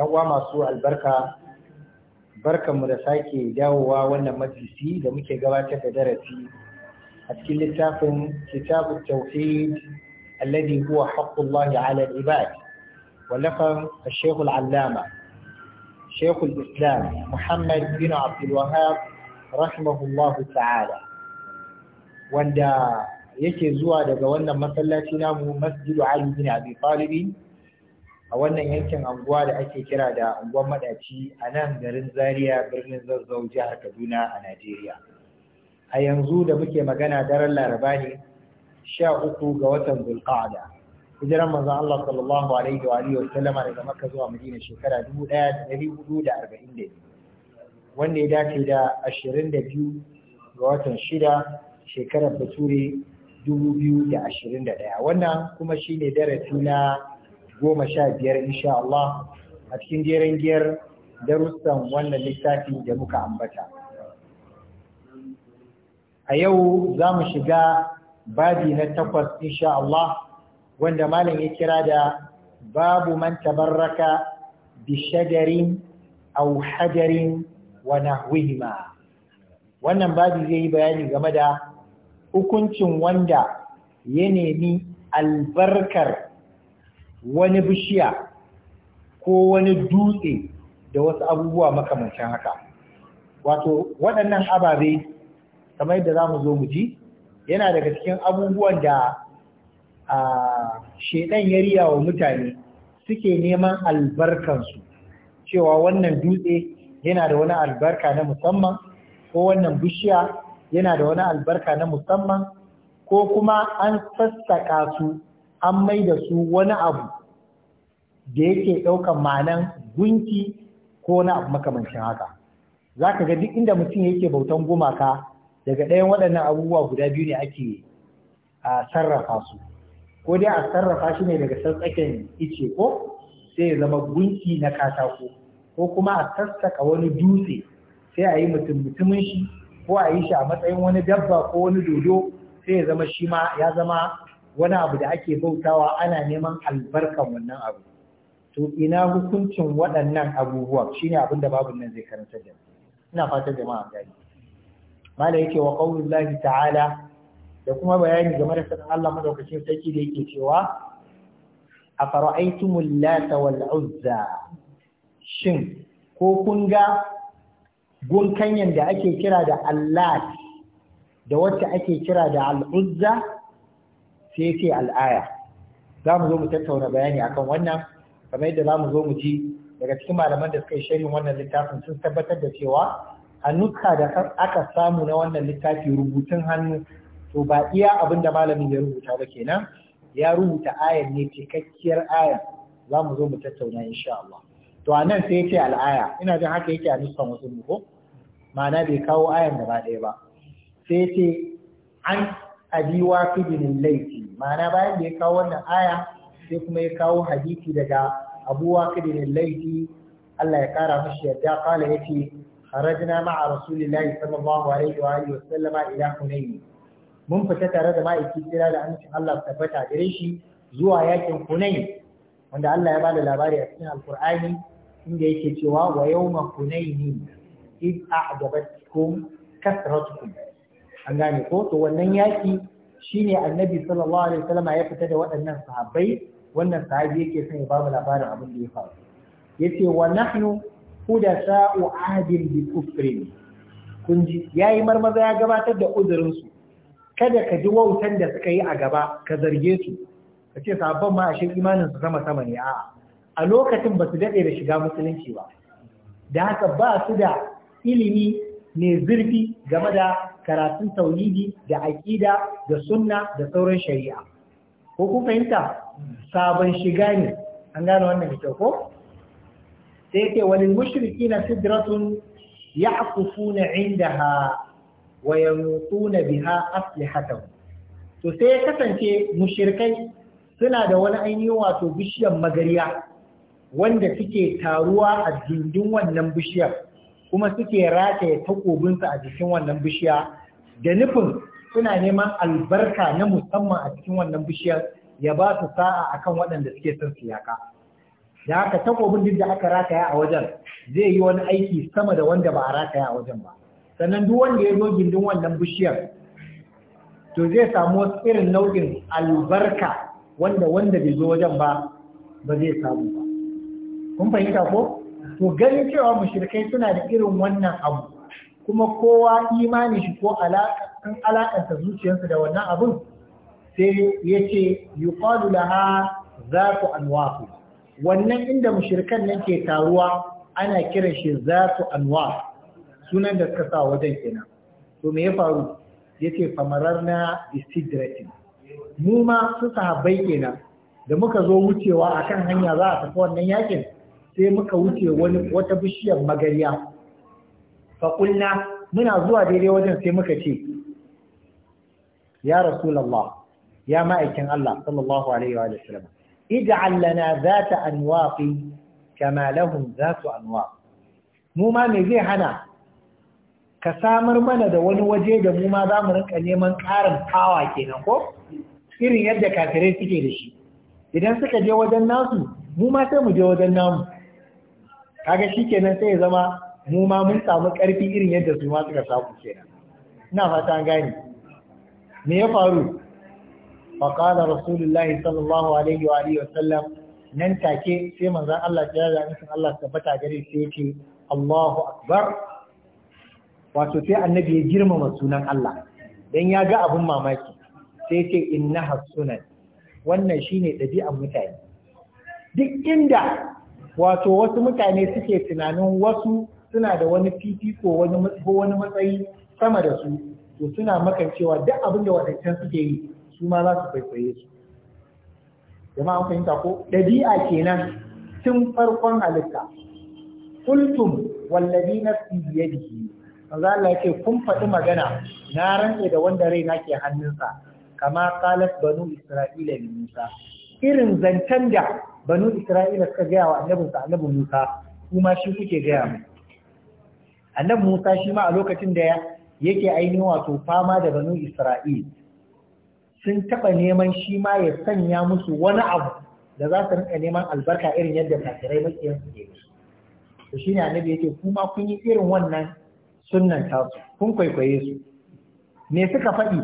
yan uwa masu albarka barkanmu da sake dawowa wannan majalisi da muke gabatar da darasi a cikin littafin kitabu tauhid alladhi huwa haqqullahi ala al-ibad wallafan al-shaykh al-allama shaykh al-islam muhammad bin abdul wahhab rahimahullahu ta'ala wanda yake zuwa daga wannan masallaci namu masjidu ali bin abi talib a wannan yankin anguwa da ake kira da anguwan madaci a nan garin zaria birnin zazzau jihar kaduna a najeriya a yanzu da muke magana daren laraba ne sha uku ga watan zulqa'ada hijiran manzon Allah sallallahu alaihi wa alihi wa sallama daga makka zuwa madina shekara dubu da da arba'in biyu, wanda ya dace da ashirin da biyu ga watan shida shekarar bature ɗaya, wannan kuma shine darasi na goma sha biyar insha Allah a cikin jerin giyar darussan wannan littafi da muka ambata. A yau za mu shiga babi na takwas insha Allah wanda malam ya kira da babu man tabarraka bi shagarin aw hajarin wa nahwihima. Wannan babi zai yi bayani game da hukuncin wanda ya nemi albarkar wani bishiya ko wani dutse da wasu abubuwa makamancin haka wato waɗannan ababe kamar yadda za mu zo mu ji yana daga cikin abubuwan da a shedan wa mutane suke neman albarkansu cewa wannan dutse yana da wani albarka na musamman ko wannan bishiya yana da wani albarka na musamman ko kuma an sassaka su an mai da su wani abu da yake ɗaukan ma'anan gunki ko na abu makamancin haka za ka ga duk inda mutum yake bautan gumaka daga ɗayan waɗannan abubuwa guda biyu ne ake a sarrafa su ko dai a sarrafa shi ne daga sassaken ice ko sai ya zama gunki na katako ko kuma a sassaka wani dutse sai a yi mutum mutumin shi ko a yi shi a matsayin wani dabba ko wani dodo sai ya zama shi ma ya zama wani abu da ake bautawa ana neman albarkan wannan abu to ina hukuncin waɗannan abubuwa shine abin da babu nan zai karanta da ina fatan jama'a gani mala yake wa qaulullahi ta'ala da kuma bayani game da sanin Allah madaukakin sarki da yake cewa afara'aytumul lata wal uzza shin ko kun ga gunkanyan da ake kira da allat da wacce ake kira da al'uzza sai ce al'aya za mu zo mu tattauna bayani akan wannan kamar yadda za mu zo mu ji daga cikin malaman da suka yi shirin wannan littafin sun tabbatar da cewa hannuka da aka samu na wannan littafi rubutun hannu to ba iya abin da malamin ya rubuta ba kenan ya rubuta ayar ne cikakkiyar aya za mu zo mu tattauna insha Allah to a nan sai yake al'aya ina jin haka yake a nufin wasu mu ko ma'ana bai kawo ayar gaba ɗaya ba sai ce an abi waqidin laifi ma'ana bayan da ya kawo wannan aya sai kuma ya kawo hadisi daga abu waqidin laifi Allah ya kara mashi yadda kala yace kharajna ma'a rasulillahi sallallahu alaihi wa alihi wasallama ila hunayn mun fita tare da ma'aiki kira da amincin Allah tabbata gare shi zuwa yakin hunayn wanda Allah ya bada labari a cikin alkur'ani inda yake cewa wa yawma hunayn id a'jabatkum kasratukum an gane ko to wannan yaki shine annabi sallallahu alaihi wasallam ya fita da waɗannan sahabbai wannan sahabi yake son ya ba mu labarin abin da ya faru yace wa nahnu hudasa'u adin bi kufrin kun ji yayi marmaza ya gabatar da uzurin su kada ka ji wautan da suka yi a gaba ka zarge su ka ce sahabban ma a shi imanin su sama sama ne a'a a lokacin ba su daɗe da shiga musulunci ba da haka ba su da ilimi mai zurfi game da karatun tauhidi da aƙida da sunna da sauran shari'a ko ku fahimta sabon shiga ne an gane wannan da kyau ko sai ke wani mushriki na sidratun ya'kufuna indaha wa na biha aslihatahu to sai ya kasance mushrikai suna da wani ainihin wato bishiyar magariya wanda suke taruwa a dindin wannan bishiyar kuma suke rataye takobinsu a jikin wannan bishiya da nufin suna neman albarka na musamman a cikin wannan bishiyar ya ba su sa'a akan waɗanda suke son siyaka da haka takobin duk da aka rataya a wajen zai yi wani aiki sama da wanda ba a rataya a wajen ba sannan duk wanda ya zo gindin wannan bishiyar to zai samu wasu irin nau'in albarka wanda wanda bai zo wajen ba ba zai samu ba kun fahimta ko to ganin cewa mushrikai suna da irin wannan abu kuma kowa imani shi ko alaƙan alakanta zuciyarsa da wannan abun sai yace yuqalu laha zatu anwaq wannan inda mushrikan nan ke taruwa ana kiran shi zatu anwaq sunan da suka sa wajen kenan to me ya faru yace famararna istidrati mu ma su sahabbai kenan da muka zo wucewa akan hanya za a tafi wannan yakin sai muka wuce wani wata bishiyar magariya faƙulna muna zuwa daidai wajen sai muka ce ya rasulallah ya ma'aikin Allah sallallahu alaihi wa sallam ij'al lana zata anwaqi kama lahum zatu anwaq mu ma me zai hana ka samar mana da wani waje da mu ma za mu rinka neman ƙarin kawa kenan ko irin yadda kafirai suke da shi idan suka je wajen nasu mu ma sai mu je wajen namu kaga kenan sai ya zama mu ma mun samu karfi irin yadda su ma suka samu kenan ina fata an gane me ya faru fa qala rasulullahi sallallahu alaihi wa alihi wa sallam nan take sai manzon Allah ya ga nufin Allah tabbata gare shi yake Allahu akbar wato sai annabi ya girmama sunan Allah dan ya ga abun mamaki sai ce innaha sunan wannan shine dabi'an mutane duk inda wato wasu mutane suke tunanin wasu suna da wani fifiko wani matsayi sama da su to suna cewa duk abin da waɗancan suke yi su ma za su kwaikwaye su jama'a fahimta ko ɗabi'a kenan tun farkon halitta kultum wallazi nafsi jiki. maza Allah yake kun faɗi magana na rantse da wanda raina ke hannunsa kama qalat banu isra'ila ne Musa irin zancen da banu Isra'ila suka gaya wa annabinsa annabi Musa kuma shi kuke gaya mu annabi Musa shi ma a lokacin da yake ainihin wato fama da banu Isra'il sun taɓa neman shi ma ya sanya musu wani abu da za su rinka neman albarka irin yadda kafirai makiyan su ke to shine annabi yake kuma kun yi irin wannan sunnan ta, kun kwaikwaye su me suka faɗi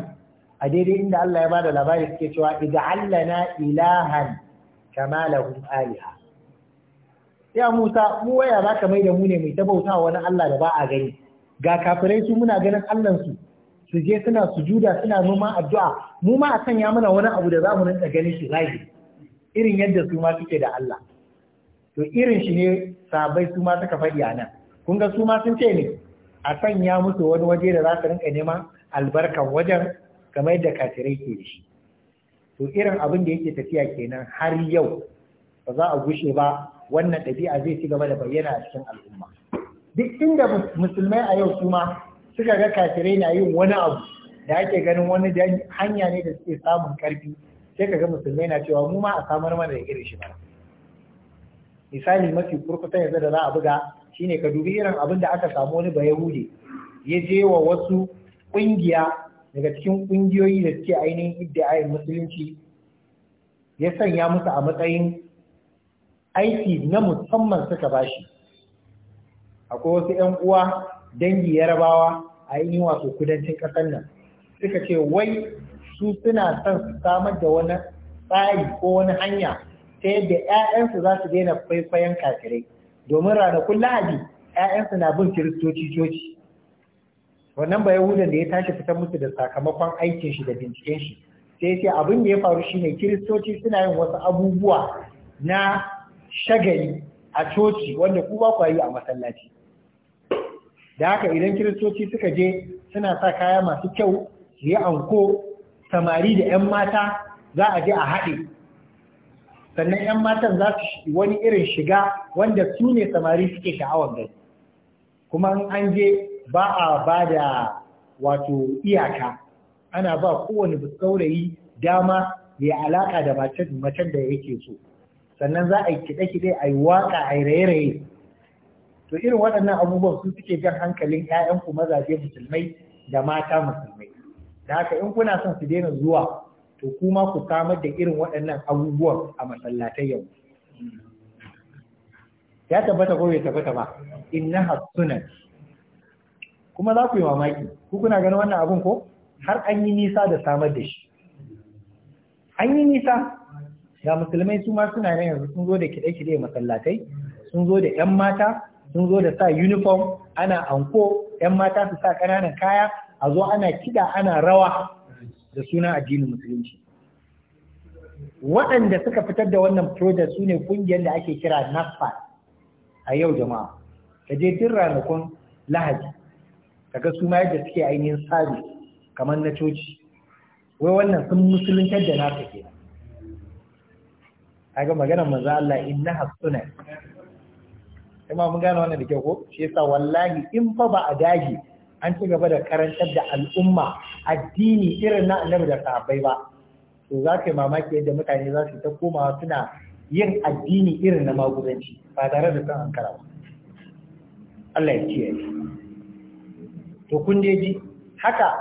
a daidai inda Allah ya bada labari suke cewa idallana ilahan kama lahum aliha ya Musa mu waya zaka mai da mu ne mai ta bauta wani Allah da ba a gani ga kafirai su muna ganin Allah su su je suna sujuda suna noma addu'a mu ma a sanya mana wani abu da zamu rinka gani shi zahiri irin yadda su ma suke da Allah to irin shi ne sabai su ma suka faɗi a nan kun ga su ma sun ce ne a sanya musu wani waje da za su rinka neman albarkan wajen kamar yadda kafirai ke da shi to irin abin da yake tafiya kenan har yau ba za a gushe ba wannan ɗabi'a zai ci gaba da bayyana a cikin al'umma duk inda musulmai a yau kuma suka ga kafirai na yin wani abu da ake ganin wani hanya ne da suke samun karfi sai ka ga musulmai na cewa mu ma a samar mana da irin shi ba misali mafi kurkusa yanzu da za a buga shine ka dubi irin abin da aka samu wani ba yahudi ya je wa wasu ƙungiya daga cikin ƙungiyoyi da suke ainihin iddiayin musulunci ya sanya musu a matsayin aiki na musamman suka bashi akwai wasu 'yan uwa dangi yarabawa a yi wato kudancin ƙasar nan suka ce wai su suna son su samar da wani tsari ko wani hanya ta yadda 'ya'yansu za su daina kwaikwayon kafirai domin ranakun lahadi 'ya'yansu na bin kiristoci coci wannan ba yahudan da ya tashi fitar musu da sakamakon aikin shi da binciken shi sai sai abin da ya faru shine kiristoci suna yin wasu abubuwa na shagali a coci wanda ku ba yi a masallaci da haka idan kiristoci suka je suna sa kaya masu kyau su yi anko samari da 'yan mata za a je a haɗe sannan 'yan matan za su wani irin shiga wanda su ne samari suke sha'awar gari kuma an je ba a ba da wato iyaka ana ba kowane saurayi dama ya alaka da macen da yake so sannan za a yi kiɗe-kiɗe a yi waƙa a yi raye-raye to irin waɗannan abubuwan sun suke jan hankalin 'ya'yanku mazaje musulmai da mata musulmai da haka in kuna son su daina zuwa to kuma ku samar da irin waɗannan abubuwan a masallatai yau ya tabbata ko bai tabbata ba inna hasunan kuma za ku yi mamaki ku kuna ganin wannan abun ko har an yi nisa da samar da shi an yi nisa ga musulmai su ma suna nan yanzu sun zo da kide-kide masallatai sun zo da 'yan mata sun zo da sa uniform ana anko 'yan mata su sa ƙananan kaya a zo ana kida ana rawa da suna addinin musulunci waɗanda suka fitar da wannan project sune ne ƙungiyar da ake kira NASFAT a yau jama'a kaje je duk ranakun lahadi Ka su ma yadda suke ainihin sabi kamar na coci wai wannan sun musuluntar da nasa ke ga magana maza Allah inna hasuna ma mun gane wannan da kyau ko shi yasa wallahi in fa ba a dage an ci gaba da karantar da al'umma addini irin na annabi da sahabbai ba to za ka yi mamaki yadda mutane za su ta komawa suna yin addini irin na magudanci ba tare da san an ba Allah ya kiyaye to kun dai ji haka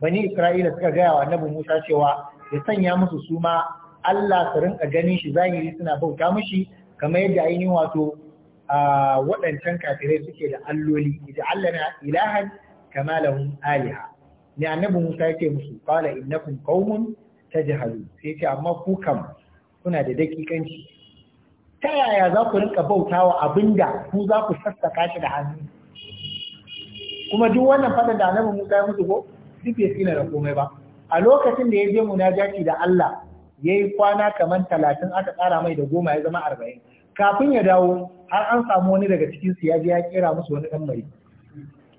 bani Isra'ila suka gaya wa Annabi Musa cewa ya sanya musu suma Allah su rinka ganin shi zahiri suna bauta mashi, kamar yadda ainihin wato waɗancan kafirai suke da alloli ita Allah na ilahan kama lahum aliha ne Annabi Musa ce musu kwala innakum qaumun tajhalun sai ce amma ku kam kuna da dakikanci ta yaya za ku rinka bautawa abinda ku za ku sassaka shi da hannu kuma duk wannan faɗa da annabi Musa ya mutu ko duk bai tsina da komai ba a lokacin da ya je munajati da Allah yayi kwana kaman talatin aka tsara mai da goma ya zama arba'in kafin ya dawo har an samu wani daga cikin su ya je ya kera musu wani dan mai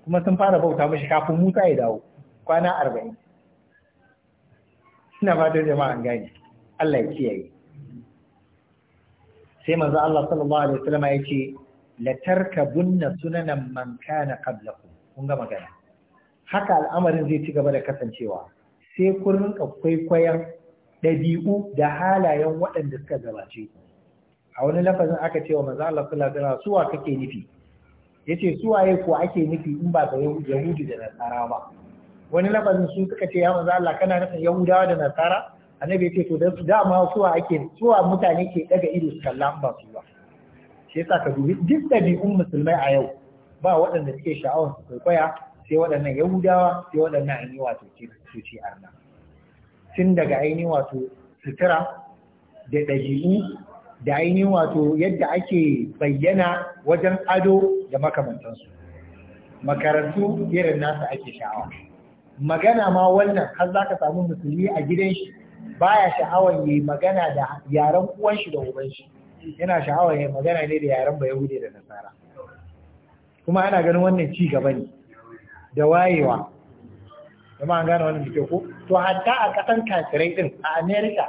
kuma sun fara bauta mashi kafin Musa ya dawo kwana arba'in ina da jama'a an gani Allah ya kiyaye sai manzo Allah sallallahu alaihi wasallam ya ce la tarkabunna sunanan man kana qablakum kun ga magana haka al'amarin zai ci gaba da kasancewa sai kun rinka kwaikwayon ɗabi'u da halayen waɗanda suka gabace a wani lafazin aka ce wa manzo Allah sallallahu alaihi suwa kake nufi yace suwaye ko ake nufi in ba da yahudi da nasara ba wani lafazin su suka ce ya manzo Allah kana nufin yahudawa da nasara annabi yace to da su dama suwa ake suwa mutane ke ɗaga ido su kalla ba su ba shi yasa ka dubi duk ɗabi'un musulmai a yau ba waɗanda suke sha'awar su kwaikwaya sai waɗannan yahudawa sai waɗannan ainihi wato cuci arna tun daga ainihin wato sutura da ɗabi'u da ainihin wato yadda ake bayyana wajen ado da makamantansu makarantu irin nasa ake sha'awa magana ma wannan har za ka samu musulmi a gidan shi baya sha'awar yi magana da yaren uwan da uban shi yana sha'awar yi magana ne da yaren ba yahudi da nasara kuma ana ganin wannan ci gaba ne da wayewa kuma an gane wannan da ko to hatta a kasan kafirai din a America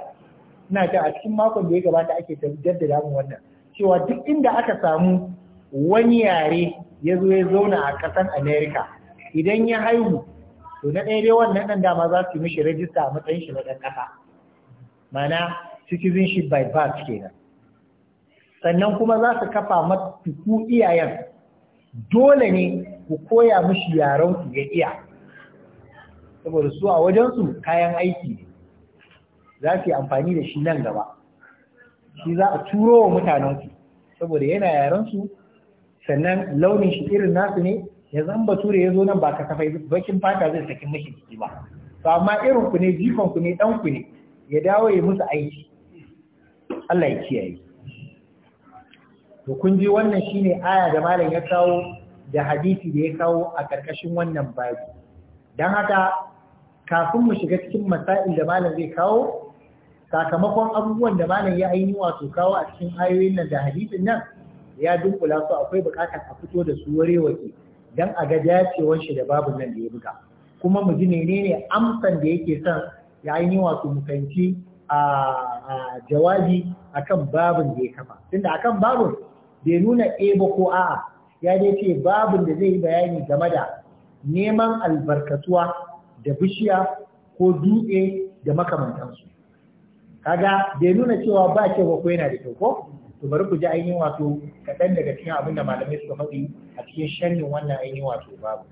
ina ta a cikin makon da ya gabata ake jaddada mu wannan cewa duk inda aka samu wani yare ya zo ya zauna a kasan America idan ya haihu to na ɗaya dai wannan ɗan dama za su yi mishi rajista a matsayin shi na ɗan ƙasa mana citizenship by birth kenan sannan kuma za su kafa matuku iyayen dole ne ku koya mishi yaran ku ya iya saboda su a wajensu kayan aiki za su yi amfani da shi nan gaba shi za a turo wa mutanen su saboda yana yarensu sannan launin shi irin nasu ne ya zan bature ya zo nan ba ka kasafai bakin fata zai saki mashi jiki ba to amma irin ku ne jikon ku ne dan ku ne ya dawo ya musu aiki Allah ya kiyaye to kun ji wannan shine aya da malam ya kawo da hadisi da ya kawo a karkashin wannan babu. dan haka kafin mu shiga cikin masail da malam zai kawo sakamakon abubuwan da malam ya aini wato kawo a cikin ayoyin nan da hadisin nan ya dunkula su akwai bukatar a fito da su ware wake don a ga dacewar shi da babu nan da ya buga kuma mu ji menene amsan da yake son ya aini wato mu fahimci a jawabi akan babun da ya kafa tunda akan babin bai nuna A eh ba ko a'a ya dai ce babin da zai yi bayani game da neman albarkatuwa da bishiya ko dutse da makamantansu kaga bai nuna cewa ba cewa ko yana da kyau ko to bari ku ji ainihin wato kaɗan daga cikin abin da malamai suka faɗi a cikin shannin wannan ainihin wato babu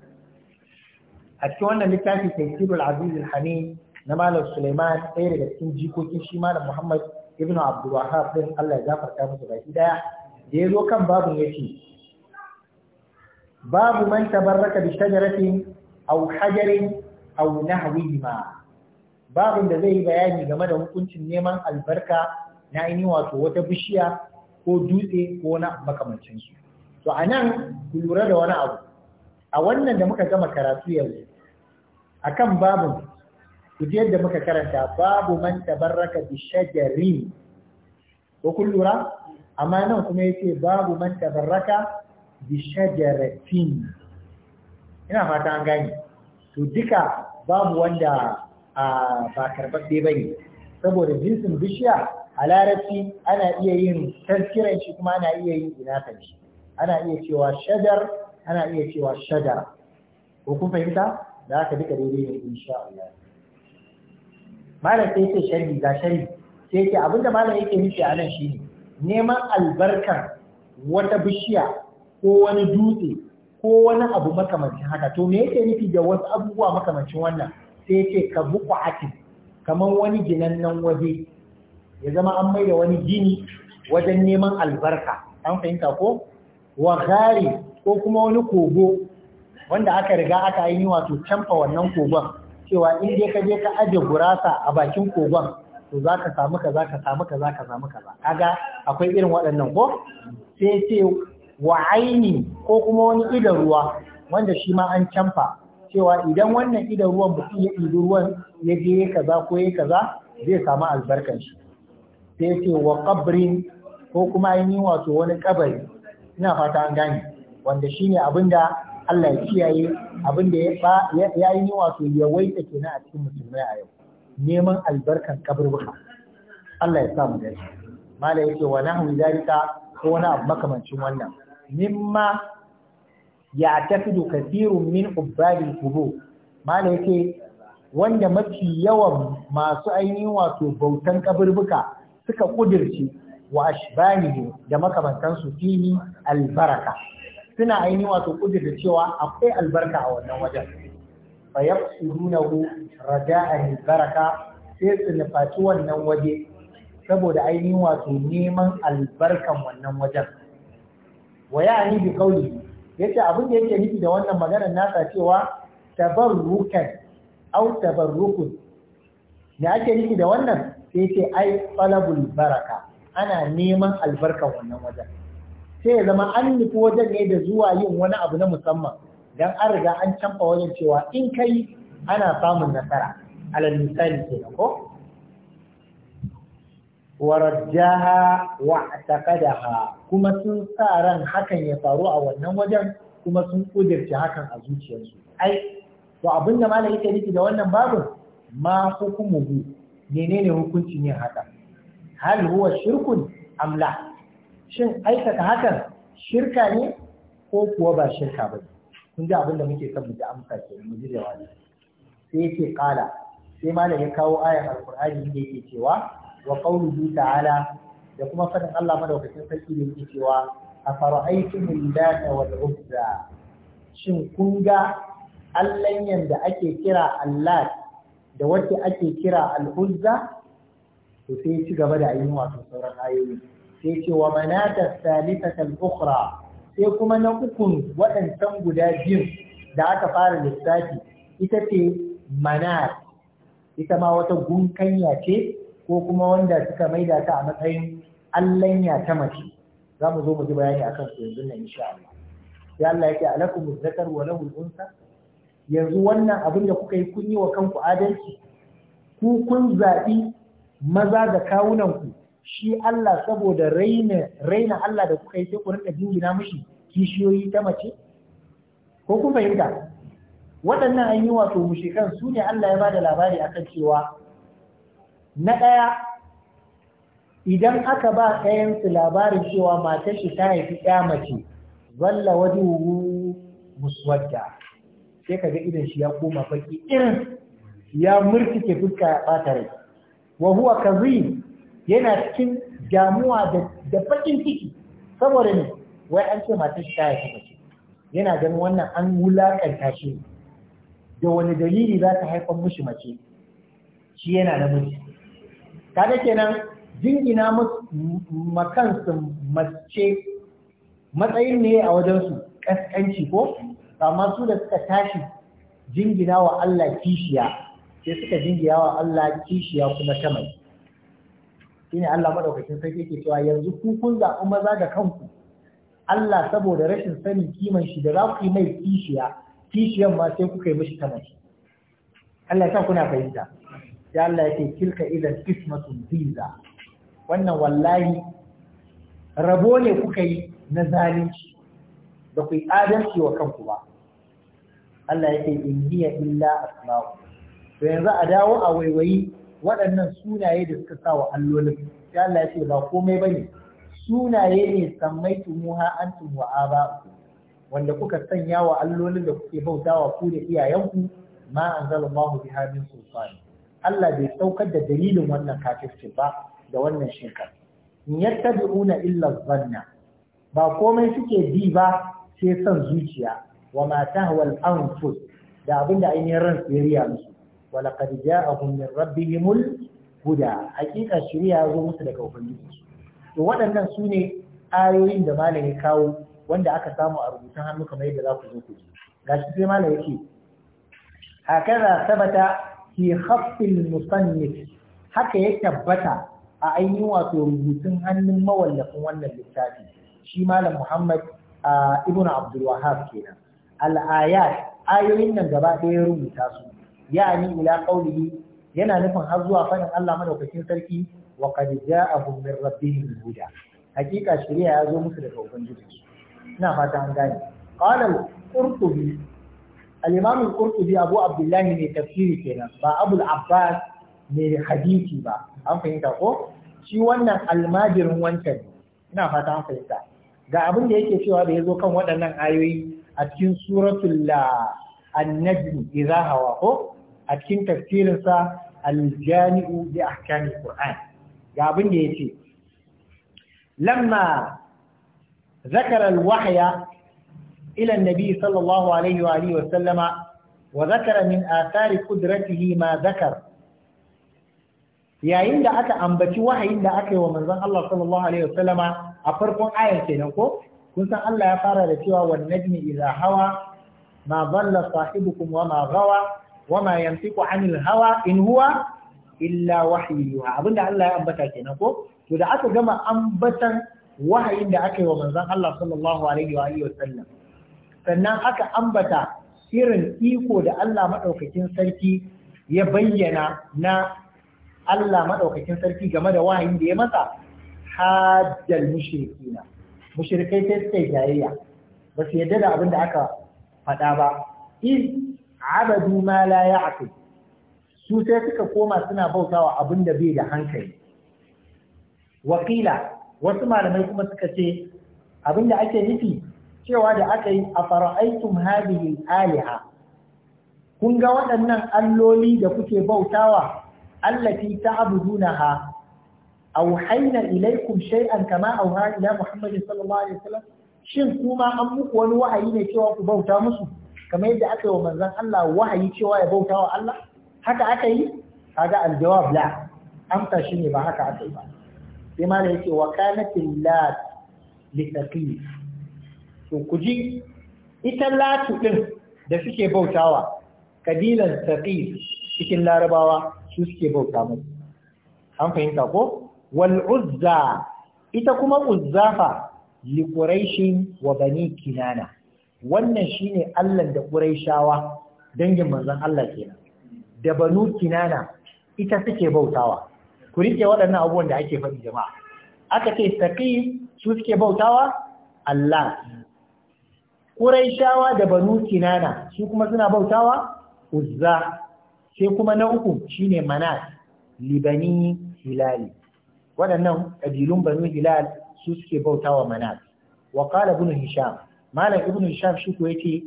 a cikin wannan littafi tafsirul aziz al-hamid na malam suleiman ɗaya daga cikin jikokin shi malam muhammad ibnu abdul wahab din Allah ya gafarta su baki daya da ya zo kan babu yake babu man tabarraka bi shajaratin aw hajarin aw nahwihima babun da zai yi bayani game da hukuncin neman albarka na ainihin wato wata bishiya ko dutse ko na makamancin su to anan ku lura da wani abu a wannan da muka gama karatu yanzu akan babun ku je yadda muka karanta babu man tabarraka bi shajarin ko kun lura amma nan kuma yake babu man tabarraka bi shajaratin ina fata an gane to duka babu wanda ba karɓaɓɓe ba bane saboda jinsin bishiya a larabci ana iya yin tarkiran shi kuma ana iya yin inatan shi ana iya cewa shajar ana iya cewa shajara ko kun fahimta da aka duka daidai ne insha Allah malam sai ce sharhi ga sharhi sai ce abinda malam yake nufi a nan shine neman albarkar wata bishiya ko wani dutse ko wani abu makamancin haka to me yake nufi da wasu abubuwa makamancin wannan sai ce ka buku atin kamar wani nan waje ya zama an mai da wani gini wajen neman albarka an fahimta ko wa gari ko kuma wani kogo wanda aka riga aka yi wato canfa wannan kogon cewa in dai ka je ka aje gurasa a bakin kogon to za ka samu kaza ka samu kaza ka samu kaza kaga akwai irin waɗannan ko sai ce wa aini ko kuma wani idan ruwa wanda shi ma an canfa cewa idan wannan idan ruwan mutum ya ɗibi ruwan ya je ya kaza ko ya kaza zai samu albarkan shi sai ce wa kabrin ko kuma yi wato wani kabari ina fata an gane wanda shine abin da Allah ya kiyaye abin da ya yi wato yawaita kenan a cikin musulmai a yau neman albarkan kaburbuka Allah ya samu da shi mala yake wa nahwi zalika ko wani abu makamancin wannan mimma ya tafidu kathirun min ubbali kubo mala yake wanda mafi yawan masu ainihin wato bautan kaburbuka suka kudirce wa ashbanihi da makamantansu fihi albaraka suna ainihin wato kudirce cewa akwai albarka a wannan wajen fayaqsidunahu raja'an baraka sai su nufaci wannan waje saboda ainihin wato neman albarkan wannan wajen wa ni bi qawli yace abin da yake nufi da wannan maganar nasa cewa tabarrukan aw tabarrukun da ake nufi da wannan sai yace ai talabul baraka ana neman albarkan wannan wajen sai ya zama an nufi wajen ne da zuwa yin wani abu na musamman dan an riga an canfa wajen cewa in kai ana samun nasara alal misali kenan ko warajjaha wa taqadaha kuma sun sa ran hakan ya faru a wannan wajen kuma sun kudirce hakan a zuciyarsu ai to abin da malai yake nufi da wannan babu, ma hukumuhu menene hukuncin yin haka hal huwa shirkun amla shin aikata hakan shirka ne ko kuwa ba shirka ba kun ji abin da muke son mu ji amsa ke mu ji jawabi sai yake kala sai malam ya kawo ayar alkur'ani da yake cewa wa qawluhu ta'ala da kuma fadin Allah madaukakin sarki da yake cewa a al-lata wal uzza shin kun ga allanyan da ake kira Allah da wacce ake kira al-uzza to sai ci gaba da ayyuka sauran ayoyi sai ce wa manata thalithata al-ukhra sai kuma na ukun waɗancan guda biyun da aka fara lissafi ita ce manar ita ma wata gunkanya ce ko kuma wanda suka maida ta a matsayin allanya ta mace za mu zo mu ji bayani akan su yanzu na insha Allah sai Allah yake alakum zakar wa lahu unsa yanzu wannan abin da kuka yi kun yi wa kanku adalci ku kun zaɓi maza da kawunan ku shi Allah saboda raina raina Allah da kuka yi sai ku rinka jingina mishi kishiyoyi ta mace ko kun fahimta waɗannan an yi wato mushrikan su ne Allah ya ba da labari akan cewa na ɗaya idan aka ba kayan su labarin cewa matar shi ta haifi ɗaya mace zalla wajuhu muswadda sai kaga idan shi ya koma baki irin ya murtike fuska ya ɓata rai wa huwa kazim yana cikin damuwa da fakin ciki saboda ne wai an ce matar shi ta haifi mace yana ganin wannan an wulakanta shi da wani dalili za ta haifar mushi mace shi yana namiji kaga kenan jingina su mace matsayin ne a wajen wajensu ƙasƙanci ko amma su da suka tashi jingina wa Allah kishiya sai suka jingina wa Allah kishiya kuma ta mai shine Allah madaukakin sarki yake cewa yanzu ku kun zaɓi maza da kanku Allah saboda rashin sani kiman shi da za ku yi mai kishiya kishiyan ma sai kuka yi mishi ta mace Allah ya sa kuna fahimta ya Allah ya ce tilka idan qismatun biza wannan wallahi rabo ne kuka yi na zalunci da ku yi adalci wa kanku ba Allah ya ce in hiya illa asma'u to yanzu a dawo a waiwayi waɗannan sunaye da suka sa wa allolin sai Allah ya ce ba komai bane sunaye ne sammaitu an antum wa ba. wanda kuka sanya wa allolin da kuke wa ku da iyayenku ma anzalallahu biha min sultan Allah bai saukar da dalilin wannan kafirci ba da wannan shirka in yattabi'una illa zanna ba komai suke bi ba sai son zuciya wa ma tahwal anfus da abinda ainihin ran tsiriya musu ولقد جاءهم من ربهم الهدى حقيقة شريعة To waɗannan sune ayoyin da آيوين ya kawo wanda aka samu a rubutun hannu kamar yadda za ku zo ku ji gashi sai malai yake hakaza sabata fi khaffil musannif haka ya tabbata a ainihin wato rubutun hannun mawallafin wannan littafi shi malam Muhammad ibn Abdul Wahhab kenan al ayat ayoyin nan gaba ɗaya rubuta su yani ila qawlihi yana nufin har zuwa fadin Allah madaukakin sarki wa qad ja'ahum min rabbihim huda hakika shari'a ya zo musu daga ubangiji ina fata an gane qala al-qurtubi al-imam al-qurtubi abu abdullah ne tafsiri kenan ba abu al-abbas ne hadisi ba an fahimta ko shi wannan almajirin ina fata an fahimta ga abin da yake cewa da ya zo kan waɗannan ayoyi a cikin suratul la ah, annajm idza hawa ko a cikin tafsirinsa aljami'u bi ahkamil qur'an ga abin da yace lamma ذكر الوحي إلى النبي صلى الله عليه وآله وسلم وذكر من آثار قدرته ما ذكر yayin da aka ambaci wahayin da aka yi wa manzon Allah sallallahu alaihi wasallama a farkon ayar kenan ko kun san Allah ya fara da cewa wan najmi idza hawa ma dhalla sahibukum wa ma ghawa wama yantiqu anil hawa in huwa illa wahyi abinda Allah ya ambata kenan ko to da aka gama ambatan wahayin da aka yi wa manzon Allah sallallahu alaihi wa alihi wasallam sannan aka ambata irin iko da Allah madaukakin sarki ya bayyana na Allah madaukakin sarki game da wahayin da ya masa haddal mushrikina mushrikai sai suka jayayya ba su yarda da abin da aka faɗa ba abadu ma la ya'qil su sai suka koma suna bautawa abin da bai da hankali wakila wasu malamai kuma suka ce abin da ake nufi cewa da aka yi a fara'aitum hadhihi aliha kun ga waɗannan alloli da kuke bautawa allati ta'budunaha auhaina ilaikum shay'an kama auha ila muhammadin sallallahu alaihi wasallam shin kuma an muku wani wa'ayi ne cewa ku bauta musu kamar yadda aka yi wa manzon Allah wahayi cewa ya bauta wa Allah haka aka yi kaga aljawab la amsa ne ba haka aka yi ba sai malai yake wa kanatil lat li taqif to kuji ita latu din da suke bautawa kabilan taqif cikin larabawa su suke bauta mu an fahimta ko wal uzza ita kuma uzzafa li quraishin wa bani kinana wannan shi ne Allah da ƙurai shawa. dangin manzon Allah kenan da Banu Kinana ita suke bautawa ku rike waɗannan abubuwan da ake faɗi jama'a aka ce saqif su suke bautawa Allah Ƙurai shawa da Banu Kinana su kuma suna bautawa Uzza sai kuma na uku shi ne Manat libani hilali waɗannan ƙabilun banu hilal su suke bautawa Manat wa ƙala ibn Hisham malam ibn shaf shi ko yace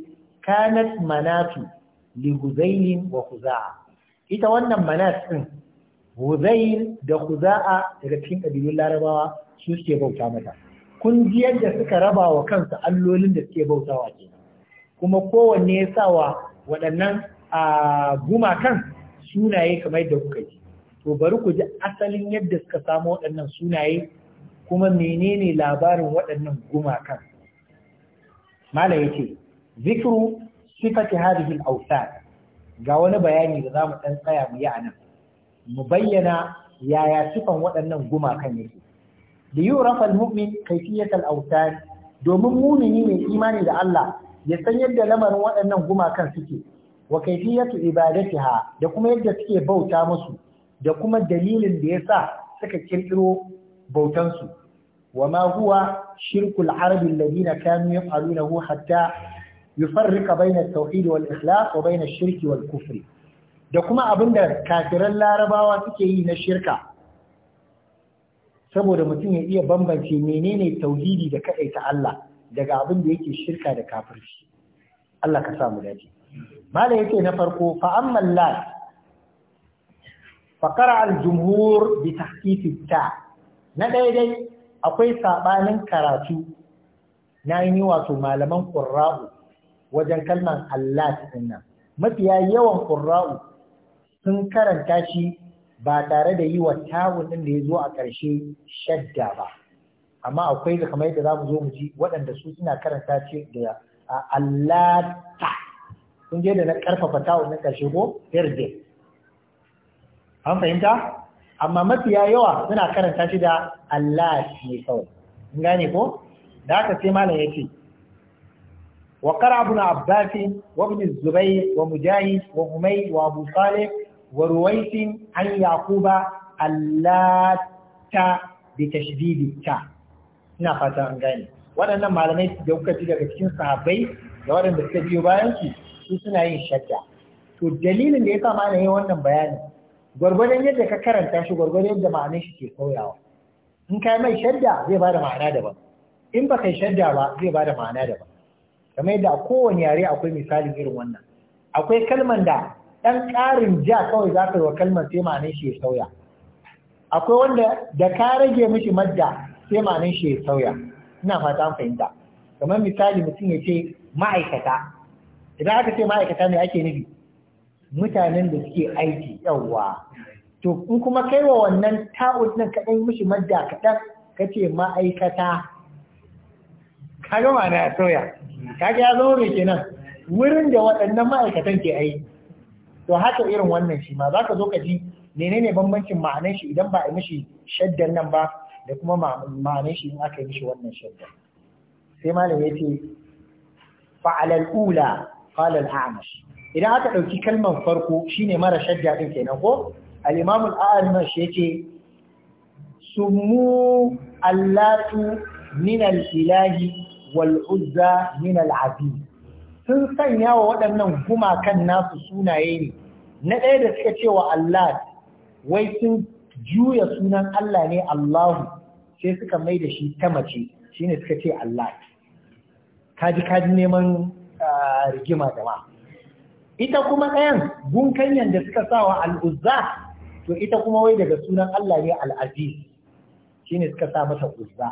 kanat manatu li huzailin wa khuza'a ita wannan manat din huzail da khuza'a daga cikin kabilun larabawa su suke bauta mata kun ji yadda suka raba wa kansu allolin da suke bautawa ke, kuma kowanne ya sa wa waɗannan a gumakan sunaye kamar yadda kuka ji to bari ku ji asalin yadda suka samu waɗannan sunaye kuma menene labarin waɗannan gumakan mala yace zikru sifati hadhihi al ga wani bayani da zamu dan tsaya mu yi nan mu bayyana yaya sifan waɗannan gumakan yake da yurafa al-mu'min kayfiyat al-awsan domin mumini mai imani da Allah ya san yadda lamarin waɗannan gumakan suke wa ibadati ibadatiha da kuma yadda suke bauta musu da kuma dalilin da ya sa suka kirkiro bautansu wa ma huwa شرك العرب الذين كانوا يفعلونه حتى يفرق بين التوحيد والإخلاص وبين wal kufri. da kuma abin da kafiran larabawa suke yi na shirka saboda mutum ya iya bambance menene tauhidi da kaɗai ta Allah daga abin da yake shirka da kafirci Allah ka samu dace mala yake na farko fa amman la fa qara al jumhur bi tahqiq ta na daidai akwai saɓanin karatu na yi wato malaman ƙurra'u wajen kalmar Allah ɗin nan mafiya yawan ƙurra'u sun karanta shi ba tare da yi wa tawunin ɗin da ya zo a ƙarshe shadda ba amma akwai da kamar yadda za mu zo mu ji waɗanda su suna karanta ce da Allah ta sun je da na ƙarfafa tawunin na ƙarshe ko hirde an fahimta amma mafiya yawa suna karanta shi da Allah ne kawai in gane ko da haka ce malam yace wa qara ibn abbas wa ibn zubayr wa mujahid wa umai wa abu salih wa ruwayth an yaquba allata bi tashdidi ta ina fata an gane waɗannan malamai da kuka ci daga cikin sahabbai da waɗanda suka biyo bayan su suna yin shakka to dalilin da ya sa malamai wannan bayanin gwargwadon yadda ka karanta shi gwargwadon yadda ma'anin shi ke sauyawa in ka mai shadda zai bada ma'ana daban in ba kai shadda ba zai bada ma'ana daban kamar yadda a kowane yare akwai misalin irin wannan akwai kalman da ɗan ƙarin ja kawai za ka yi wa kalmar sai ma'anin shi ya sauya akwai wanda da ka rage mishi madda sai ma'anin shi ya sauya ina fata an fahimta kamar misali mutum ya ce ma'aikata idan aka ce ma'aikata me ake nufi mutanen da suke aiki yawa to in kuma kai wa wannan ta'ud nan kaɗan mishi madda kaɗan ka ce ma'aikata ka ga na sauya ka ya zama ne kenan wurin da waɗannan ma'aikatan ke aiki to haka irin wannan shi ma za zo ka ji menene bambancin ma'anar shi idan ba a mishi shaddan nan ba da kuma ma'anar shi in aka yi mishi wannan shaddan sai malam yace ce fa'alal ula qala al-a'mash idan aka ɗauki kalmar farko shine mara shadda ɗin kenan ko alimamul imamu shi yake mu allatu minal ilahi wal'uzza uzza min sun sanya wa waɗannan gumakan nasu sunaye ne na ɗaya da suka cewa Allah wai sun juya sunan Allah ne Allahu sai suka mai da shi ta mace shine suka ce Allah kaji kaji neman ah, rigima da ma ita kuma ɗayan gunkanyan da suka sa wa al'uzza to ita kuma wai daga sunan Allah ne al'azi shi ne suka sa mata uzza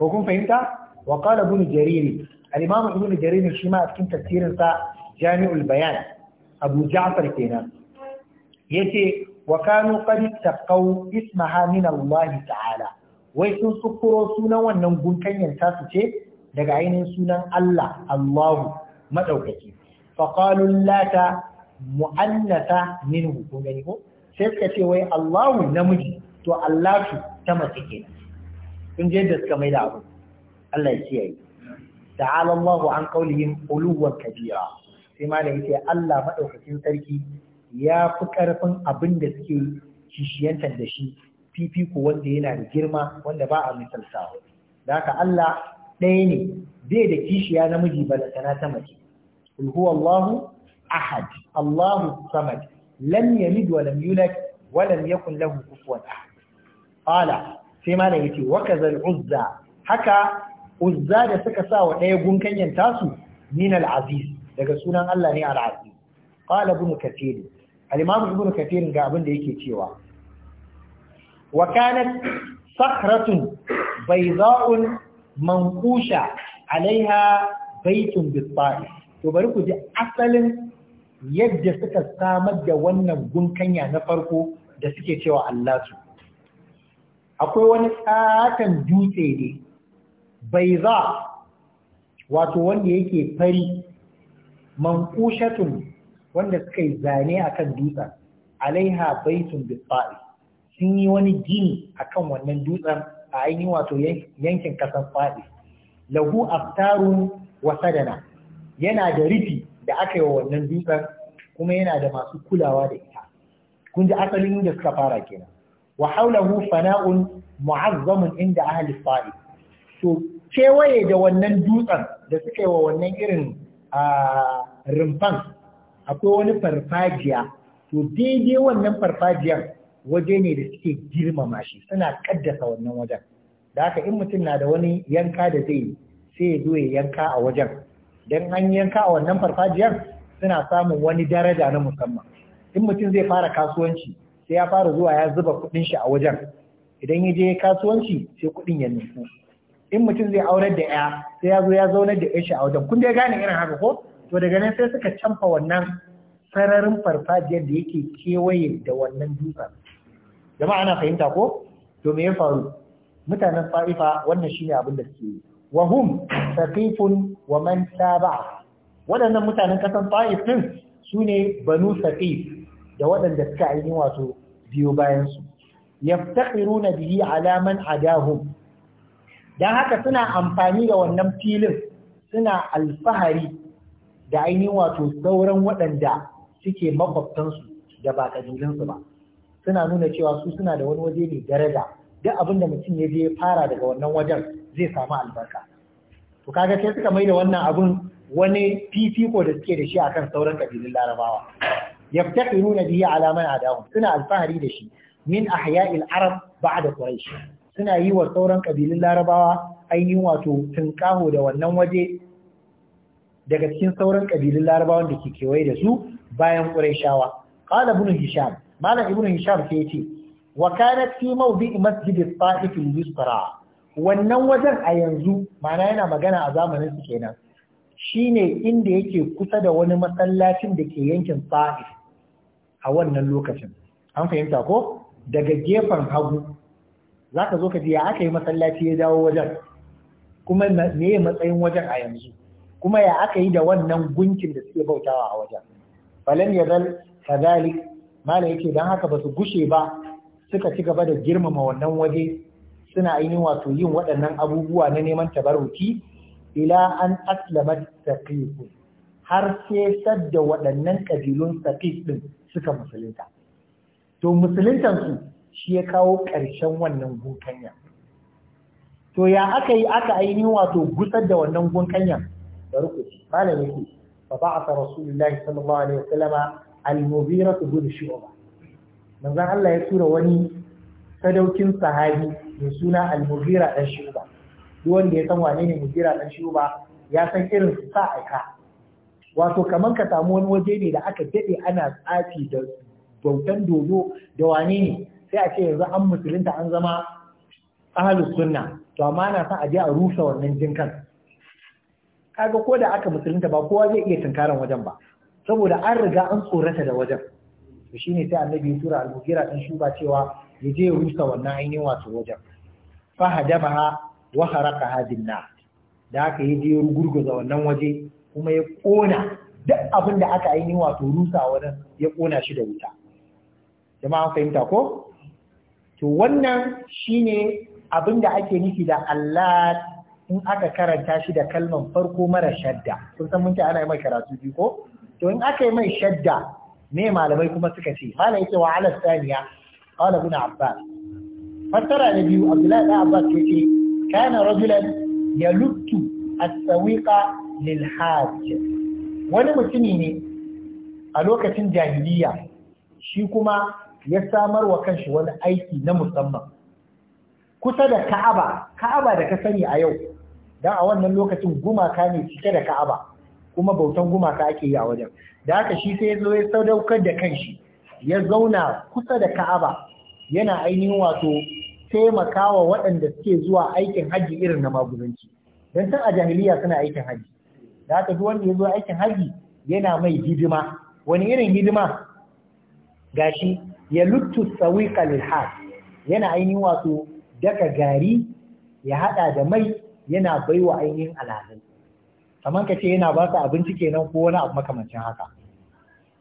ko kun fahimta wa qala ibn jariri al-imam jariri shi ma a cikin tafsirin sa jami'ul bayan abu ja'far kenan Ya wa kanu qad taqaw ismaha min Allah ta'ala wai sun sukuro sunan wannan gunkanyan tasu ce daga ainihin sunan Allah Allahu madaukaki faƙalun lata mu'annata minhu ko gani sai suka ce wai Allahu namiji to Allatu ta mace kenan kun je da suka mai da abu Allah ya kiyaye ta'ala Allahu an qaulihim uluwan kabira sai ma da yace Allah madaukakin sarki ya fi karfin abin da suke kishiyantar da shi fifiko wanda yana da girma wanda ba a misaltawa da haka Allah ɗaya ne bai da kishiya namiji ba da sana ta mace قل هو الله أحد الله الصمد لم يلد ولم يولد ولم يكن له كفوا أحد قال فيما نيتي وكذا العزى حكى عزى da suka sa wa ɗaya gunkanyen tasu min aziz daga sunan Allah ne al-aziz qala ibn kathir al-imam ibn kathir ga abin da yake cewa wa kanat sakhratun bayda'un alaiha baytun bis to bari ku ji asalin yadda suka samar da wannan gunkanya na farko da suke cewa Allah su akwai wani tsakan dutse ne bai za wato wanda yake fari mankushatun wanda suka yi zane a kan dutsen alaiha baitun bisfa'i sun yi wani gini a kan wannan dutsen a ainihin wato yankin ƙasar faɗi lahu da na. yana da rufi da aka yi wa wannan dutsen kuma yana da masu kulawa da ita kun ji asalin da suka fara kenan wa haulahu fana'un mu'azzamun inda ahli sa'i to kewaye da wannan dutsen da suka yi wa wannan irin rumfan akwai wani farfajiya to daidai wannan farfajiyan waje ne da suke girmama shi suna kaddasa wannan wajen da haka in mutum na da wani yanka da zai yi sai ya zo ya yanka a wajen don yanka ka wannan farfajiyar suna samun wani daraja na musamman in mutum zai fara kasuwanci sai ya fara zuwa ya zuba kuɗin shi a wajen idan ya je kasuwanci sai kuɗin ya nufu in mutum zai aurar da ya sai ya zo ya zauna da shi a wajen kun dai gane irin haka ko to daga nan sai suka canfa wannan sararin farfajiyar da yake kewaye da wannan dutsen jama'a ana fahimta ko to me ya faru mutanen fa'ifa wannan shine abin da suke yi wa hum saqifun wa man waɗannan mutanen kasan ta'if din sune banu saqif da waɗanda suka aini wato biyo bayan su yaftakhiruna bihi ala man adahum dan haka suna amfani da wannan filin suna alfahari da ainihin wato sauran waɗanda suke makwabtansu da ba ƙabilansu ba suna nuna cewa su suna da wani waje ne daraja duk abin da mutum ya je fara daga wannan wajen zai samu albarka to kaga sai suka mai da wannan abun wani fifiko da suke da shi akan sauran kabilun larabawa yaftaqiruna bihi ala a adahum suna alfahari da shi min ahya'il arab ba'da quraish suna yi wa sauran kabilun larabawa ainihin wato tunkaho da wannan waje daga cikin sauran kabilun larabawa da ke kewaye da su bayan qurayshawa qala ibn hisham malam ibn hisham sai yace wa kanat fi mawdi'i masjid taif al-yusra wannan wajen a yanzu mana yana magana a zamanin su kenan shine inda yake kusa da wani masallacin da ke yankin Sa'if a wannan lokacin an fahimta ko daga gefen hagu zaka zo ka ji ya aka yi masallaci ya dawo wajen kuma me ya matsayin wajen a yanzu kuma ya aka yi da wannan gunkin da suke bautawa a wajen falan ya zal kadhalik mala yake dan haka ba su gushe ba suka ci gaba da girmama wannan waje suna ainihin wato yin waɗannan abubuwa na neman tabarruki ila an aslama saqiqu har sai sadda waɗannan kabilun saqiq din suka musulunta to musuluntan su shi ya kawo ƙarshen wannan gunkanya to ya aka yi aka ainihin wato gusar da wannan gunkanya bari ku ci malam yake fa ba'atha rasulullahi sallallahu alaihi wasallama al mubira bi shu'ba manzon Allah ya tura wani sadaukin sahabi mai suna almugira mughira dan shuba duk wanda ya san wane ne mugira dan shuba ya san irin su sa aika wato kamar ka samu wani waje ne da aka daɗe ana tsafi da bautan dodo da wane ne sai a ce yanzu an musulunta an zama ahlus sunna to amma ana son a je a rusa wannan jinkan kaga ko da aka musulunta ba kowa zai iya tunkaran wajen ba saboda an riga an tsorata da wajen to shine sai annabi ya tura al-mugira dan shuba cewa ya je ya rusa wannan ainihin wato wajen fa hadamaha wa haraka hadin na da aka yi je gurguza wannan waje kuma ya kona duk abin da aka ainihin wato rusa wannan ya kona shi da wuta jama'a fahimta ko to wannan shine abin da ake nufi da Allah in aka karanta shi da kalmar farko mara shadda kun san mun ce ana yi mai karatu biyu ko to in aka yi mai shadda me malamai kuma suka ce malam yake wa ala saniya qala ibn abbas fassara da biyu abdullahi da abbas yake kana rajulan yaluttu as-sawiqa lil hajj wani mutumi ne a lokacin jahiliya shi kuma ya samar wa kanshi wani aiki na musamman kusa da ka'aba ka'aba da ka sani a yau dan a wannan lokacin gumaka ne cike da ka'aba kuma bautan gumaka ake yi a wajen da haka shi sai ya zo ya sadaukar da kanshi ya zauna kusa da ka'aba yana ainihin wato taimakawa waɗanda suke zuwa aikin hajji irin na maguzanci don san a jahiliya suna aikin hajji da haka duk wanda ya zo aikin hajji yana mai hidima wani irin hidima gashi ya luttu sawiqa lil yana ainihin wato daka gari ya haɗa da mai yana baiwa ainihin alhazai kamar ka ce yana ba abinci kenan ko wani abu makamancin haka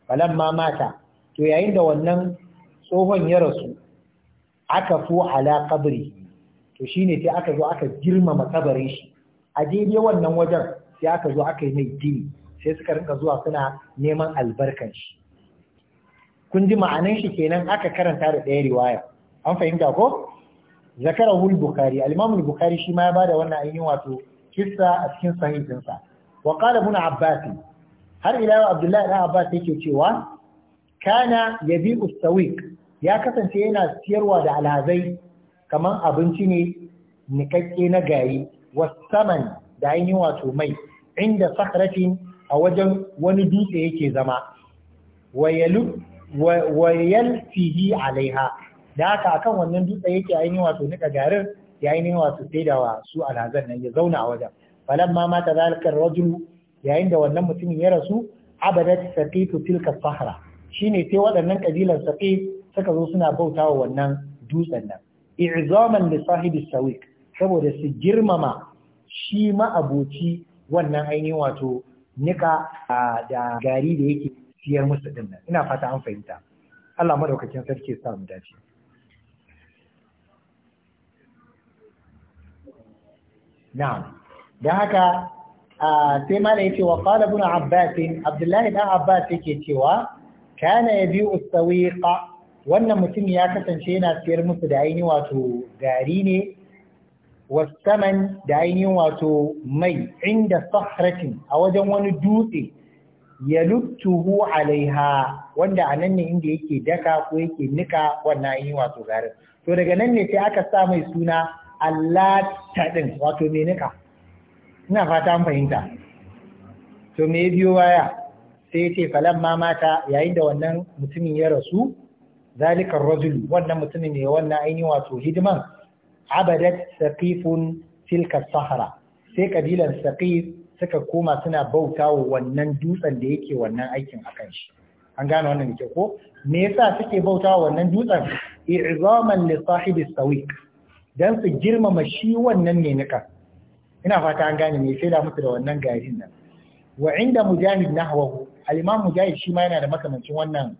falan ma mata to yayin da wannan tsohon ya rasu aka fu ala kabri to shine sai aka zo aka girmama kabarin shi a daidai wannan wajen sai aka zo aka yi mai gini sai suka rinka zuwa suna neman albarkan shi kun ji ma'anan shi kenan aka karanta da ɗaya riwaya an fahimta ko zakarahul bukhari al-imam al-bukhari shi ma ya bada wannan ainihin wato kissa a cikin sahihinsa wa qala ibn har ila abdullahi ibn abbas yake cewa kana yabi'u sawiq ya kasance yana siyarwa da alhazai Kamar abinci ne nikakke na gari saman da ainihin wato mai inda sakhratin a wajen wani dutse yake zama wayal fihi alaiha da haka kan wannan dutse yake ainihin wato nika garin ya ainihin wato sai da su alhazan nan ya zauna a wajen falamma mata zalika rajulu yayin da wannan mutumin ya rasu abadat saqitu tilka sahra shine sai waɗannan kabilan saqif suka zo suna bautawa wannan dutsen nan i'zaman li sahibi saboda su girmama shi ma'aboci wannan ainihin wato nika da gari da yake siyar musu din nan ina fata an fahimta Allah madaukakin sarki ya sa mu dace na'am da haka sai ma ya ce wa qala ibn abbas abdullahi dan abbas yake cewa kana biyu sawiqa wannan mutum ya kasance yana siyar musu da ainihin wato gari ne wasaman da ainihin wato mai inda sahratin a wajen wani dutse ya luttuhu alaiha wanda a nan ne inda yake daka ko yake nika wannan ainihin wato garin to daga nan ne sai aka sa mai suna allata taɗin wato mai nika ina fata an fahimta to me ya biyo baya sai ya ce falan ma mata yayin da wannan mutumin ya rasu zalikar rajulu wannan mutumin ne wannan ainihin wato hidiman abadat saqifun tilka sahara sai kabilan saqif suka koma suna bautawa wannan dutsen da yake wannan aikin akan shi an gane wannan ke ko me yasa suke bautawa wannan dutsen i'zaman li sahibi sawiq dan su girmama shi wannan ne nika ina fata an gane mai saida musu da wannan garin nan wa inda mujahid nahwahu al-imam mujahid shi ma yana da makamancin wannan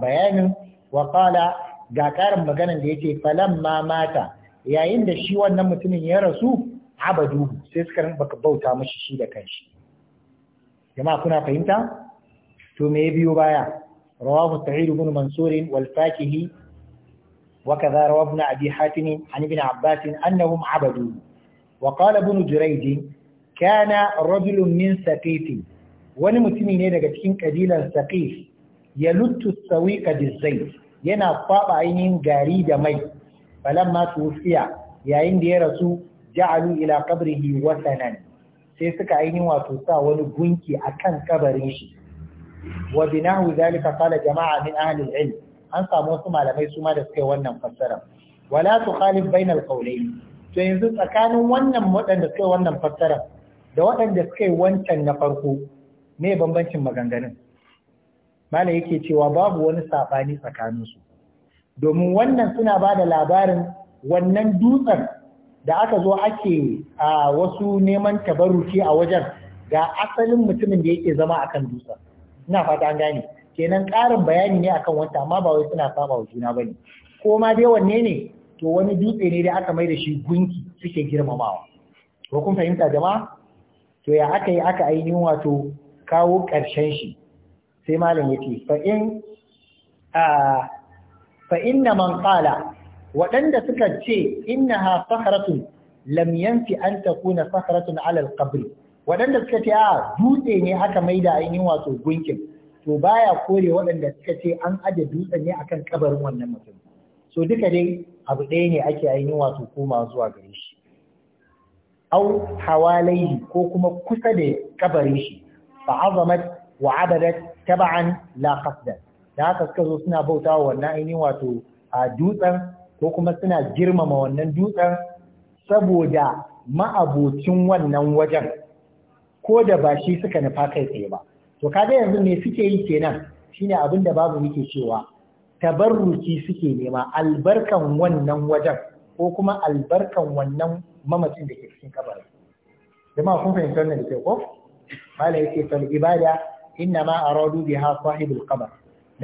bayanin wa qala ga karin maganan da yace ma mata yayin da shi wannan mutumin ya rasu abadu sai suka baka bauta mishi shi da kanshi jama'a kuna fahimta to me biyo baya rawahu sa'id ibn mansur wal fakihi وكذا روى ابن أبي حاتم عن ابن عباس عبدوه وقال ابن جريج كان رجل من ثقيف wani mutumi ne daga cikin kabilan saqif ya luttu sawiqa bizayt yana faɓa ainihin gari da mai falamma tufiya yayin da ya rasu ja'alu ila qabrihi wasanan sai suka ainihin wato sa wani gunki akan kabarin shi wa binahu zalika qala jama'a min ahli al-ilm an samu wasu malamai su ma da suka yi wannan fassara wala tukhalif bainal qawlayn to yanzu tsakanin wannan waɗanda suka yi wannan fassara da waɗanda suka yi wancan na farko ne bambancin maganganun malam yake cewa babu wani saɓani tsakaninsu domin wannan suna ba da labarin wannan dutsen da aka zo ake a wasu neman tabaruki a wajen ga asalin mutumin da yake zama akan dutsen ina fata an gane kenan ƙarin bayani ne akan wanta amma ba wai suna saba wa juna bane ko ma dai wanne ne to wani dutse ne da aka mai da shi gunki suke girmamawa ko kun fahimta jama'a to ya aka yi aka ainihin wato kawo ƙarshen shi sai malam yake fa in fa inna man qala waɗanda suka ce innaha sahratun lam yanfi an takuna sahratun ala al waɗanda suka ce a dutse ne aka da ainihin wato gunkin to baya kore waɗanda suka ce an aje dutsen ne akan kabarin wannan mutum so duka dai abu ɗaya ne ake ainihin wato koma zuwa gare shi au hawalaihi ko kuma kusa da kabarin shi fa azamat wa abadat taba'an la da haka suka zo suna bautawa wannan ainihin wato a dutsen ko kuma suna girmama wannan dutsen saboda ma'abocin wannan wajen ko da ba shi suka nufa kai tsaye ba to kaga yanzu me suke yi kenan shine abin da babu muke cewa tabarruki suke nema albarkan wannan wajen ko kuma albarkan wannan mamacin da ke cikin kabarin jama'a kun fahimta wannan da ke ko malai yake fal ibada inna ma aradu biha sahibul qabr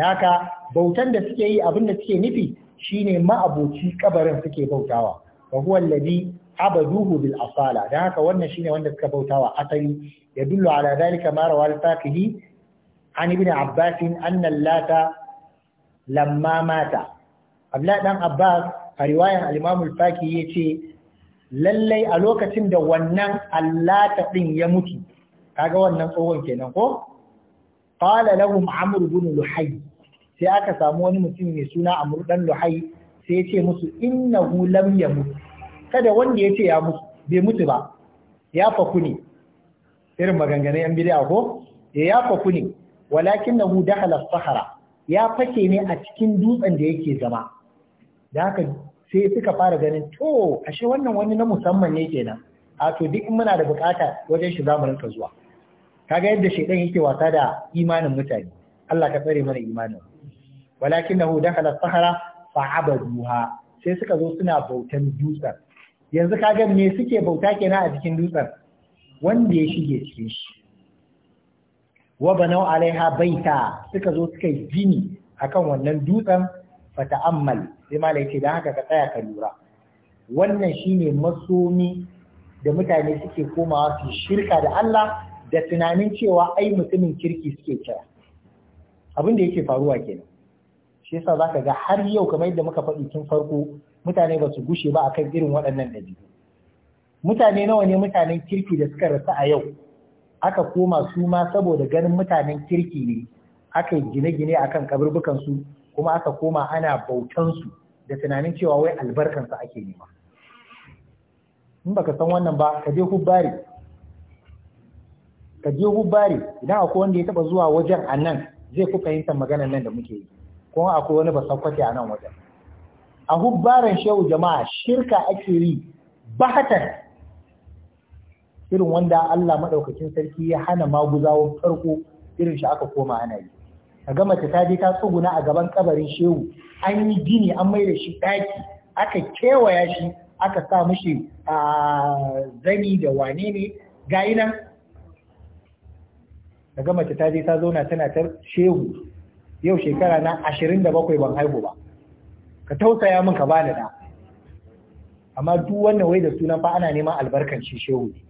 naka bautan da suke yi abin da suke nufi shine ma'abuci kabarin suke bautawa wa huwa alladhi abaduhu bil asala dan haka wannan shine wanda suka bautawa asali yadullu ala dhalika ma rawal faqihi an ibn abbas anna allata lamma mata abla Ɗan abbas a riwayan alimamul faki yace lallai a lokacin da wannan allata ɗin ya mutu kaga wannan tsohon kenan ko qala lahum amr ibn luhay sai aka samu wani mutum mai suna amr dan luhay sai yace musu innahu lam yamut kada wanda yace ya mutu bai mutu ba ya faku ne irin maganganun yan bid'a ko eh, ya faku ne walakinahu dakhala sahara ya fake ne a cikin dutsen da yake zama da haka sai suka fara ganin to ashe wannan wani na musamman ne kenan a to duk muna da bukata wajen shi za mu rinka zuwa kaga yadda shaidan yake wasa da imanin mutane Allah ka tsare mana imanin nahu dakala sahara fa abaduha sai suka zo suna bautan dutsen yanzu kaga me suke bauta kenan a cikin dutsen wanda ya shige cikin shi wa banau alaiha baita suka zo suka yi gini akan wannan dutsen fata'ammal sai mala yace dan haka ka tsaya ka lura wannan shine masomi da mutane suke komawa su shirka da Allah da tunanin cewa ai mutumin kirki suke kira abin da yake faruwa kenan shi yasa zaka ga har yau kamar yadda muka faɗi tun farko mutane ba su gushe ba akan irin waɗannan dabi'u mutane nawa ne mutanen kirki da suka rasa a yau aka koma su ma saboda ganin mutanen kirki ne aka yi gine-gine akan kaburbukan su kuma aka koma ana bautan su da tunanin cewa wai albarkan su ake nema in baka san wannan ba ka je hubbari ka je hubbari idan akwai wanda ya taba zuwa wajen a nan zai fi fahimtar maganar nan da muke yi Ko akwai wani basakwace a nan wajen a hubbaran shehu jama'a shirka ake yi bahatan irin wanda Allah maɗaukakin sarki ya hana maguzawan farko irin shi aka koma ana yi kaga mace ta je ta tsuguna a gaban kabarin shehu an yi gini an mai da shi ɗaki aka kewaya shi aka sa mishi a zani da wane ne gayi nan ta je ta zauna tana ta shehu yau shekara na ashirin da bakwai ban haihu ba ka tausaya min ka bani da amma duk wannan wai da sunan fa ana neman albarkan shehu ne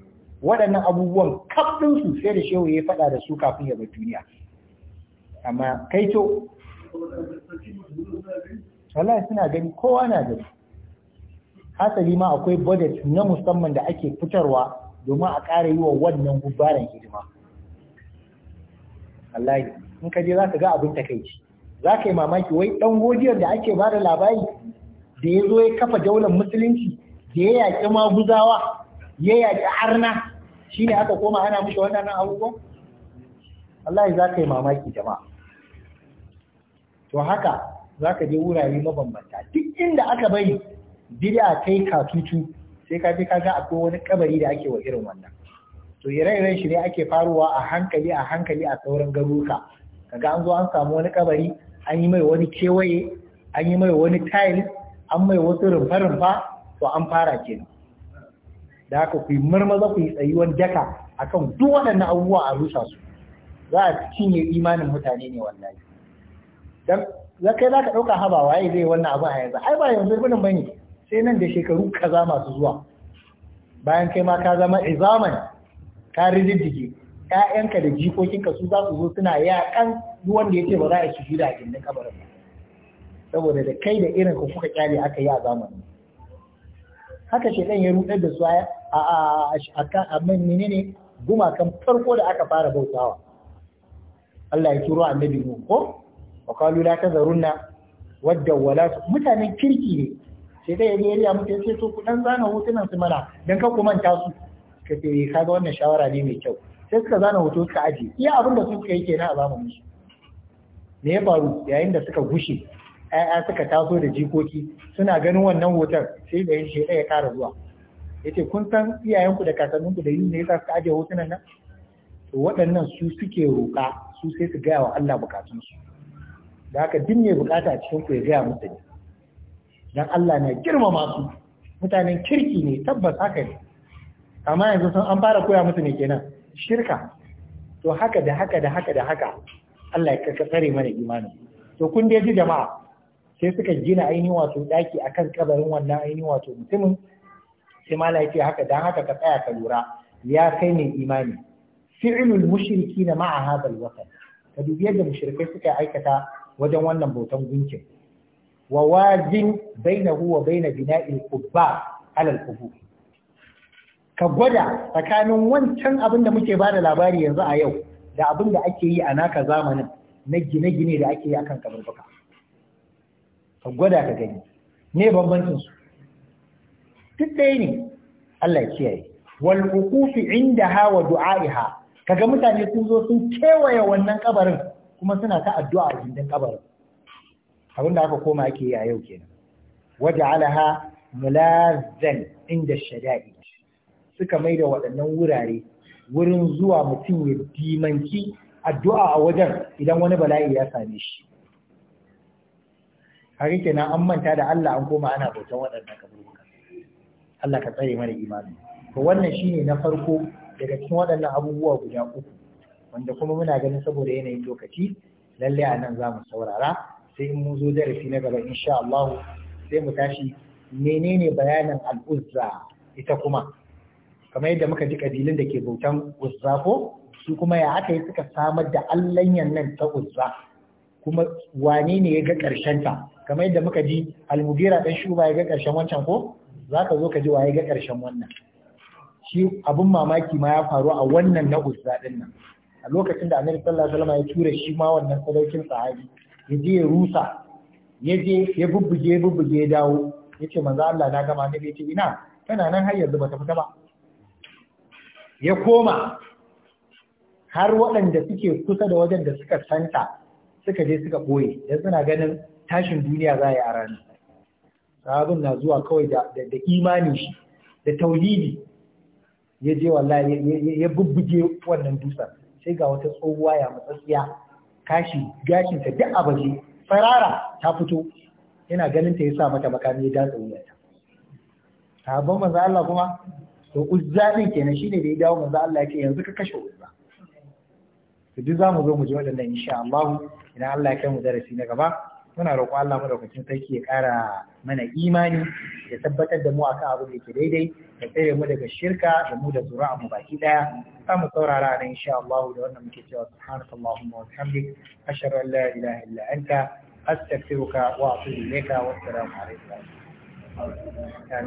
waɗannan abubuwan kaf su sai da shehu ya faɗa da su kafin ya bar duniya amma kai to wallahi suna gani kowa na gani hasali ma akwai budget na musamman da ake fitarwa domin a ƙara yi wa wannan gubaran hidima wallahi in ka je za ka ga abin takaici za ka yi mamaki wai ɗan godiyar da ake ba da labari da ya zo ya kafa daular musulunci da ya yaƙi maguzawa ya yaƙi harna shi ne aka koma ana mishi wannan abubuwan Allah za ka yi mamaki jama'a to haka za ka je wurare mabambanta duk inda aka bari a kai katutu sai ka fi ka ga akwai wani kabari da ake wa irin wannan to ire-iren shi ne ake faruwa a hankali a hankali a sauran garuruka ga an zo an samu wani kabari an yi mai wani kewaye an yi mai wani tayil, an mai wasu rumfa-rumfa to an fara kenan da haka ku yi marmaza ku yi tsayuwar daka akan duk waɗannan abubuwa a rusa su za a cinye imanin mutane ne wallahi dan za zaka za ɗauka haba waye zai wannan abu a yanzu ai ba yanzu bane bane sai nan da shekaru kaza masu zuwa bayan kai ma ka zama izaman ka rididdige ƴaƴanka da jikokinka su za su zo suna yaƙan duk wanda ya ce ba za a shi da a gindin kabarin saboda da kai da irin ku kuka kyale aka yi a zamanin haka ɗan ya ruɗar da su a a menene gumakan farko da aka fara bautawa Allah ya kiro annabi Nuh ko wa la tazarunna wadda wala mutanen kirki ne sai dai yaje yariya mutum sai so ku zana hotunan su mana dan ka manta su eh, ka ce kaga wannan shawara ne mai kyau sai suka zana hoto suka aje iya abin da su suka yi kenan a zamanin su me ya faru yayin da suka gushe ƴaƴa suka taso da jikoki suna ganin wannan hoton sai da shi ya ƙara zuwa Ya ce kun san iyayenku da kakanninku da yin ne suka ajiye hotunan nan to waɗannan su suke roƙa su sai su gaya wa Allah bukatunsu da haka duk mai bukata a cikin ku ya gaya musu ne dan Allah na girmama su mutanen kirki ne tabbas haka ne amma yanzu sun an fara koya musu ne kenan shirka to haka da haka da haka da haka Allah ya tsare mana imanin to kun dai ji jama'a sai suka gina ainihin wato daki akan kabarin wannan ainihin wato mutumin sai mala ya ce haka don haka ka tsaya ka lura ya kai ne imani Fi'ilun mushriki na ma'a hadal watan ka dubi yadda mushrikai suka aikata wajen wannan bautan gunkin wa wajin bainahu wa baina bina'il qubba ala qubur ka gwada tsakanin wancan abin da muke ba da labari yanzu a yau da abin da ake yi a naka zamanin na gine-gine da ake yi akan kaburbuka ka gwada ka gani ne bambancin su duk ɗaya ne Allah ya kiyaye wal inda hawa wa du'aiha kaga mutane sun zo sun kewaye wannan kabarin kuma suna ta addu'a a gindin kabarin abinda aka koma ake yi a yau kenan waja'alaha mulazzan inda shada'i suka mai da waɗannan wurare wurin zuwa mutum ya dimanci addu'a a wajen idan wani bala'i ya same shi har ke na an manta da Allah an koma ana bautan waɗannan kaburuka Allah ka tsare mana imani to wannan shine na farko daga cikin waɗannan abubuwa guda uku wanda kuma muna ganin saboda yanayin lokaci lalle a nan za mu saurara sai in mun zo darasi na gaba insha Allah sai mu tashi menene bayanin al-Uzza ita kuma kamar yadda muka ji kabilun da ke bautan uzza ko su kuma ya aka yi suka samar da allanyan nan ta uzza kuma wane ne ya ga ƙarshen ta kamar yadda muka ji almugira dan shuba ya ga karshen wancan ko za ka zo ka ji waye ga karshen wannan shi abun mamaki ma ya faru a wannan na uzza din nan a lokacin da annabi sallallahu alaihi wasallam ya tura shi ma wannan sadaukin sahabi ya je ya rusa ya je ya bubbuge ya bubbuge ya dawo ya ce manzo Allah na gama annabi ya ce ina tana nan har yanzu bata fita ba ya koma har waɗanda suke kusa da wajen da suka santa suka je suka ɓoye don suna ganin tashin duniya za a yi a ranar sahabin na zuwa kawai da imani shi da tauhidi ya je wallahi ya bubbuge wannan dutsen sai ga wata tsohuwa ya matsatsiya kashi gashinta duk a farara ta fito yana ganin ta ya sa mata makami ya datsa wuyarta sahabban manzo Allah kuma to uzza din kenan shine da ya dawo manzo Allah yake yanzu ka kashe uzza to duk zamu zo mu ji waɗannan insha Allah idan Allah ya kai mu darasi na gaba muna roƙon Allah madaukakin sarki ya ƙara mana imani ya tabbatar da mu akan abu da yake daidai ya tsere mu daga shirka da mu da zuri'a mu baki daya za mu saurara nan insha Allah da wannan muke cewa subhanakallahumma wa bihamdik ashhadu an la ilaha illa anta astaghfiruka wa atubu ilayka wa assalamu alaikum